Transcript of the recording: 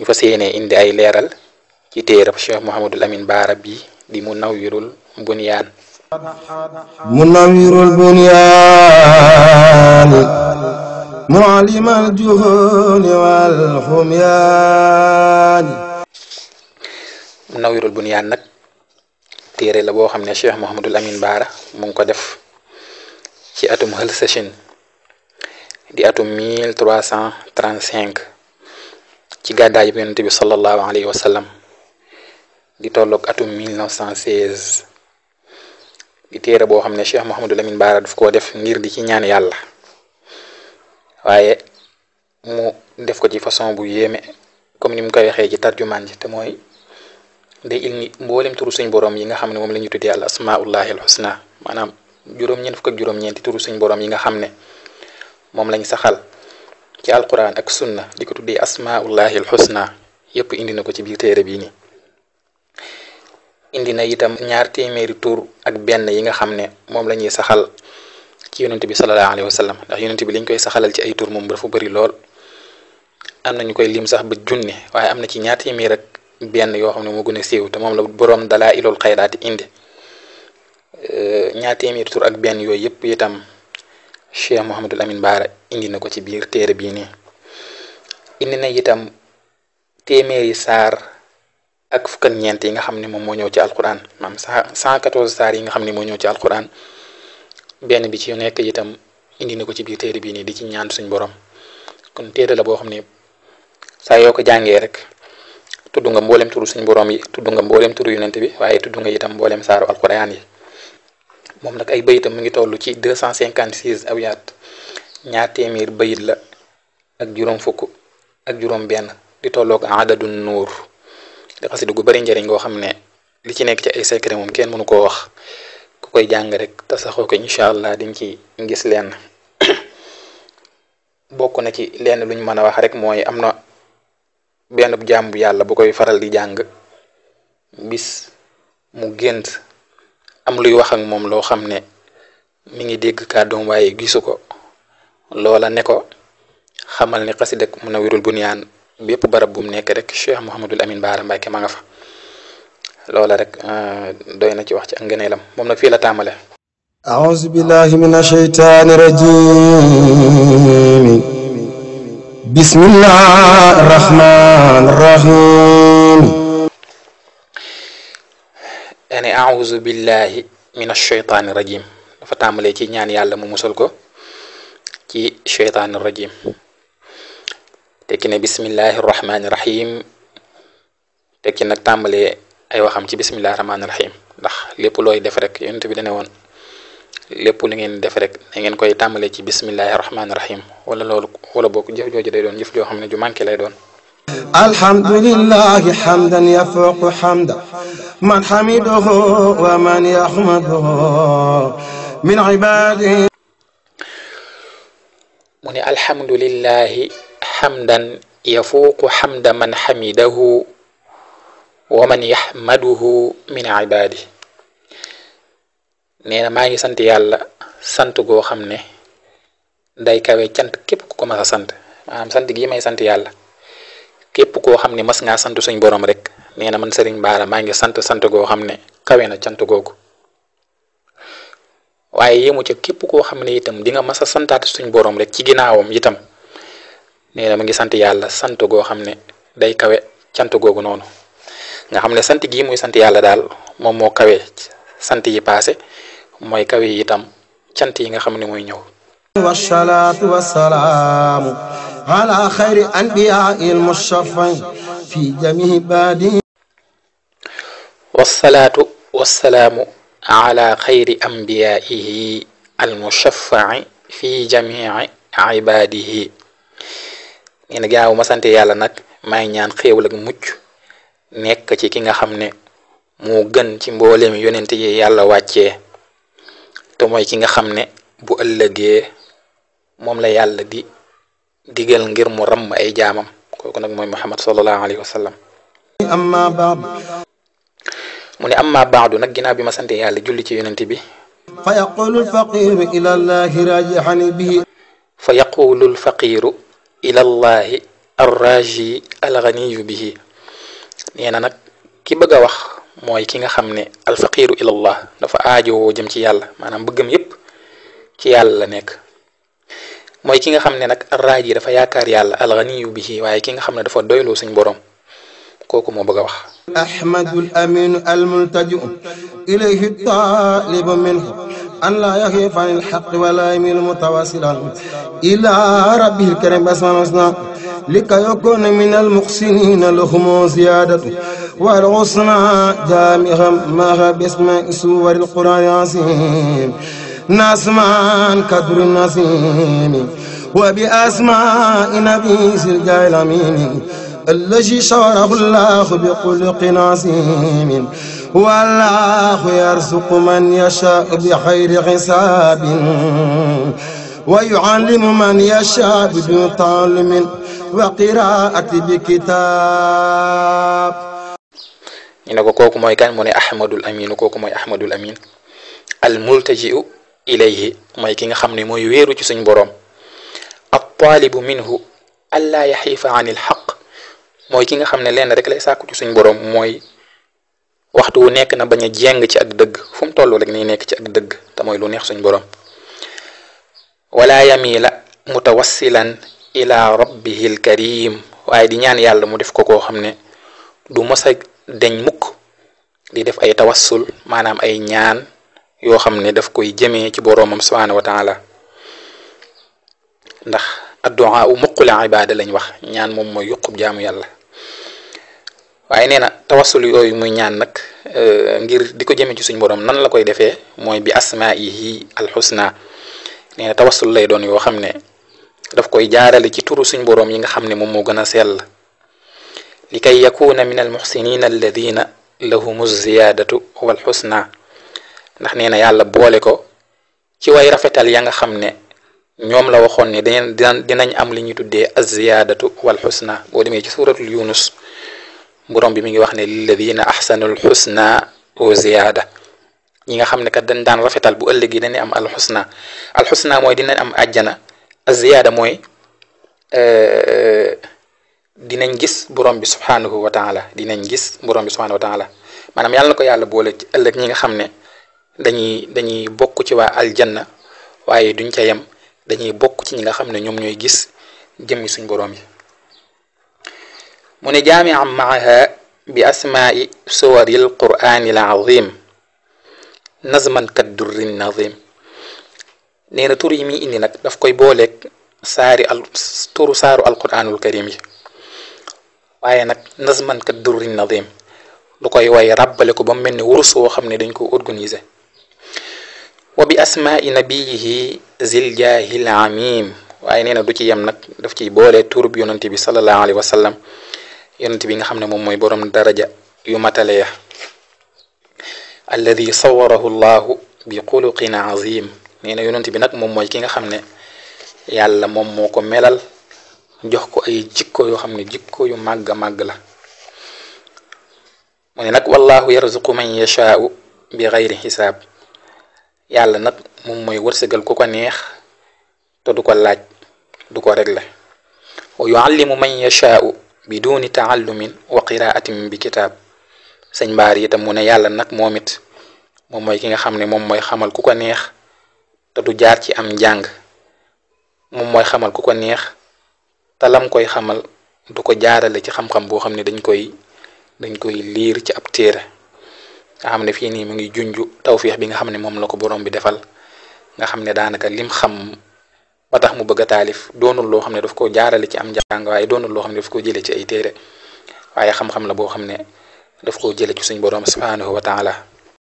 ñu fa yéenee indi ay leeral ci téerab Cheikh Mouhamadul Amin Baara bi di mu Bunyaan Munawwirul Bunyaan muallimal juhudi wal xumyaan Munawwirul Bunyaan nag téere la boo xam ne Cheikh Mouhamadul Amin Baara mu ngi ko def ci atum hëlsachin di atum 1335 ci gàddaay bi yonent bi sallallahu alayhi wa sallam di tolloog atum cent 1916 di téere boo xam ne Cheikh Mouhamadou Lamine Bara daf koo def ngir di ci ñaan yàlla waaye mu def ko ci façon bu yéeme comme ni mu koy waxee ci tarjumaan ji te mooy day ilmi mboolem turu suñ borom yi nga xam ne moom la ñu tuddee al asmaullahi al maanaam juróom-ñeent fukk ak juróom-ñeenti turu suñ borom yi nga xam ne moom lañ saxal ci alquran ak sunna di ko tuddee asmaullahi alxusna yëpp indi na ko ci biir téere bii nii indi na itam ñaar téeméeri tur ak benn yi nga xam ne moom la ñuy saxal ci bi sallallahu alayhi wa sallam ndax yonent bi liñ koy saxalal ci ay tur moom dafa bëri lool am na ñu koy lim sax ba junni waaye am na ci ñaar téeméer ak benn yoo xam ne moo gën a siiw te moom la boroom dalaa ilul xayraati indi ñaar téeméeri tur ak benn yooyu yëpp itam cheikh Mouhamadul Amin bara indi nako ci biir téere bi ni indi na itam téeméeri sar ak fukan ñent yi nga xamni mom mo ñew ci alquran maam 114 sar yi nga xamni mo ñew ci alquran benn bi ci nekk itam indi nako ci biir téere bi ni di ci ñaan suñ borom kon téere la bo xamni sa yo ko jàngee rek tuddu nga mboolem turu suñ borom yi tuddu nga mboolem turu yonent bi waye tuddu nga itam mboolem saru alquran yi. moom nag ay bayitam mu ngi tollu ci deux cent cinquante six abyaat ñaar téeméer bayit la ak juróom fukk ak juróom benn di tolloog adadu nuur di xasida gu bari njëriñ goo xam ne li ci nekk ci ay secret moom kenn mënu koo wax ku koy jàng rek te saxoo ko incha allah diñ ci ngis lenn bokk na ci lenn luñ mën a wax rek mooy am na benn jàmb yàlla bu koy faral di jàng bis mu gént am luy wax moom loo xam ne mi ngi dégg kàddoom waaye gisu ko loola ne ko xamal ni xasida ak Munawwirul Bunyaan bépp barab bu nekk rek Cheikh Mouhamadul Amin Baara Mbàkke nga fa loola rek euh, doy na ci wax ci ak ngëneelam moom nag fii la tàmbale أعوذ بالله من الشيطان الرجيم بسم الله الرحمن الرحيم dane auzu billahi min asheytaani rajim dafa tàmbalee ci ñaan yàlla mu musal ko ci sheytaani rajim tekki ne bismillahi rahmaani rahim tekki nag tàmbalee ay waxam ci bismillahi rahmaani rahim ndax lépp looy def rek yonent bi dane woon lépp lu ngeen def rek na ngeen koy tàmbalee ci bismillahi rahmaani rahim wala loolu wala bokk jëf jooju day doon jëf joo xam ne ju manqué lay doon الحمد لله حمدا يفوق حمدا من حمده ومن يحمده من عباده من الحمد لله حمدا يفوق حمد من حمده ومن يحمده من عباده nee na maa ngi sant yàlla sant goo xam ne day kawe cant képp ku ko mas sant maanaam sant gii sant yàlla képp koo xam mas ngaa sant suñ borom rek nee na man sëriñ baara maa ngi sant sant goo xam ne kawe na cant googu waaye yemu ca képp koo xam ne itam di nga mas a santaat suñ borom rek ci ginnaawam itam nee na mu ngi sant yàlla sant goo xam ne day kawe cant googu noonu nga xam ne sant gii muy sant yàlla daal moom kawe sant yi paase mooy kawe itam cant yi nga xam ne ñëw ala xayri anbiyaa'il mustafayn fi jamii'i baadi wasalaatu wasalaamu ala xayri anbiyaa'ihi almustafa'i fi jamii'i ibaadihi nee na ginnaaw ma sante yàlla nag maay ñaan xéewal ak mucc nekk ci ki nga xam ne mu gën ci mbooleem yonent yi yàlla wàccee te mooy ki nga xam ne bu ëllëgee moom la yàlla di digal ngir mu ramm ay jaamam kooku nag mooy muhammad sallallahu alayhi wa sallam ne amma baadu nag ginnaaw bi ma sante yàlla julli ci yonent bi fa yaqulu lfaqiru ila allahi rajihani bihi fa yaqulu lfaqiru na nag ki bëgg a wax mooy ki nga xam ne alfaqiru ila allah dafa aajowoo jëm ci yàlla maanaam bëggam yépp ci yàlla la nekk moy ki nga xamne nak nag dafa yaakar yàlla alganiyu bihi waaye ki nga xamne dafa doylo suñ borom koku mo bëgg wax ahmadul amin almultaju ilayhi talib minhu an laa yaxiif an ilxaq wala yamilu mutawasilan ila rabbihi lkarim basmanasna لكي يكون من المحسنين لهم زيادة walxusna jaamiham ما bisma سور القرآن العظيم ناسمان كدر النسيم وبأسماء نبي سرجا الأمين الذي شرب الله بخلق عظيم والله يرزق من يشاء بخير حساب ويعلم من يشاء بدون تعلم وقراءة بكتاب ina كوكو kooku mooy kan mu ne ahmadul amin kooku mooy ilayhi mooy ki nga xam ne mooy wéeru ci suñ boroom ab taalibu minhu allaa yaxiifa anil xaq mooy ki nga xam ne lenn rek lay sàkku ci suñ boroom mooy waxtu wu nekk na bañ a ci ak dëgg fu mu toll rek ni nekk ci ak dëgg te mooy lu neex suñ boroom wala yamiila mutawassilan ila rabbihil karim waaye di ñaan yàlla mu def ko koo xam ne du mës a deñ mukk di def ay tawassul maanaam ay ñaan yoo xam ne daf koy jëmee ci boroomam subhanahu wa taala ndax addu'a u muqul ibada lañ wax ñaan moom mooy yuqub jaamu yàlla waaye nee na tawassul yooyu muy ñaan nag ngir di ko jëmee ci suñ borom nan la koy defee mooy bi asmaihi alxusna nee na tawassul lay doon yoo xam ne daf koy jaarale ci turu suñ borom yi nga xam ne moom moo gën a sell li kay yakuna min almuxsinina alladina lahumu ziyadatu wa ndax nee na yàlla boole ko ci way rafetal ya nga xam ne ñoom la waxoon ne dañu dinañ dinañ am li ñuy tuddee azziyaadatu wal xusna boo demee ci suuratul yunus borom bi mi ngi wax ne lilladina ahsanul xusna wa ziyaada ñi nga xam ne kat dañ daan rafetal bu ëllëg yi dañuy am alxusna alxusna mooy dinañ am àjjana azziyaada mooy euh, dinañ gis borom bi subhaanahu wa taala dinañ gis borom bi subhaanahu wa taala maanaam yàlla ko yàlla boole ñi nga xam ne dañuy dañuy bokk ci waa aljanna waaye duñ ca yem dañuy bokk ci ñi nga xam ne ñoom ñooy gis jëmmi suñ boroom yi mu ne jaamiam maaha bi asmaai suwari l quraani l azim nazman kat durrin nazim nee na tur yi muy indi nag daf koy booleeg saari al turu saaru alquraanul karim yi waaye nag nazman kat durrin nazim lu koy way ràbbale ko ba mu mel ne wurus woo xam ne dañ ko organiser وبأسماء نبيه ذي الجاه العميم واي نينا دوكي يام نك دافتي بوله تور بي يونتي صلى الله عليه وسلم يونتي بيغا خامن موم موي بوروم درجه يو ماتاليا الذي صوره الله بخلق عظيم نينا يونتي بي نك موم موي كيغا خامن يالا موم موكو ملال جوخكو اي جيكو يو خامن جيكو يو ماغا ماغ لا موني نك والله يرزق من يشاء بغير حساب yàlla nag moom mooy wërsëgal ku ko neex te du ko laaj du ko régler wa yuallimu man yashaau biduni taallumin wa qiraatin bi kitaab sëñ mbaar yi itam mu ne yàlla nag moom it moom mooy ki nga xam ne moom mooy xamal ku ko neex te du jaar ci am jàng moom mooy xamal ku ko neex te lam koy xamal du ko jaarale ci xam-xam boo xam ne dañ koy dañ koy liir ci ab téere nga xam ne fii nii mu ngi junj tawféex bi nga xam ne moom la ko borom bi defal nga xam ne daanaka lim xam ba tax mu bëgg taalif doonul loo xam ne daf koo jaarale ci am njàng waaye doonul loo xam ne daf koo jëlee ci ay téere waaye xam-xam la boo xam ne daf koo jëlee ci suñ borom subhaanahu wa taala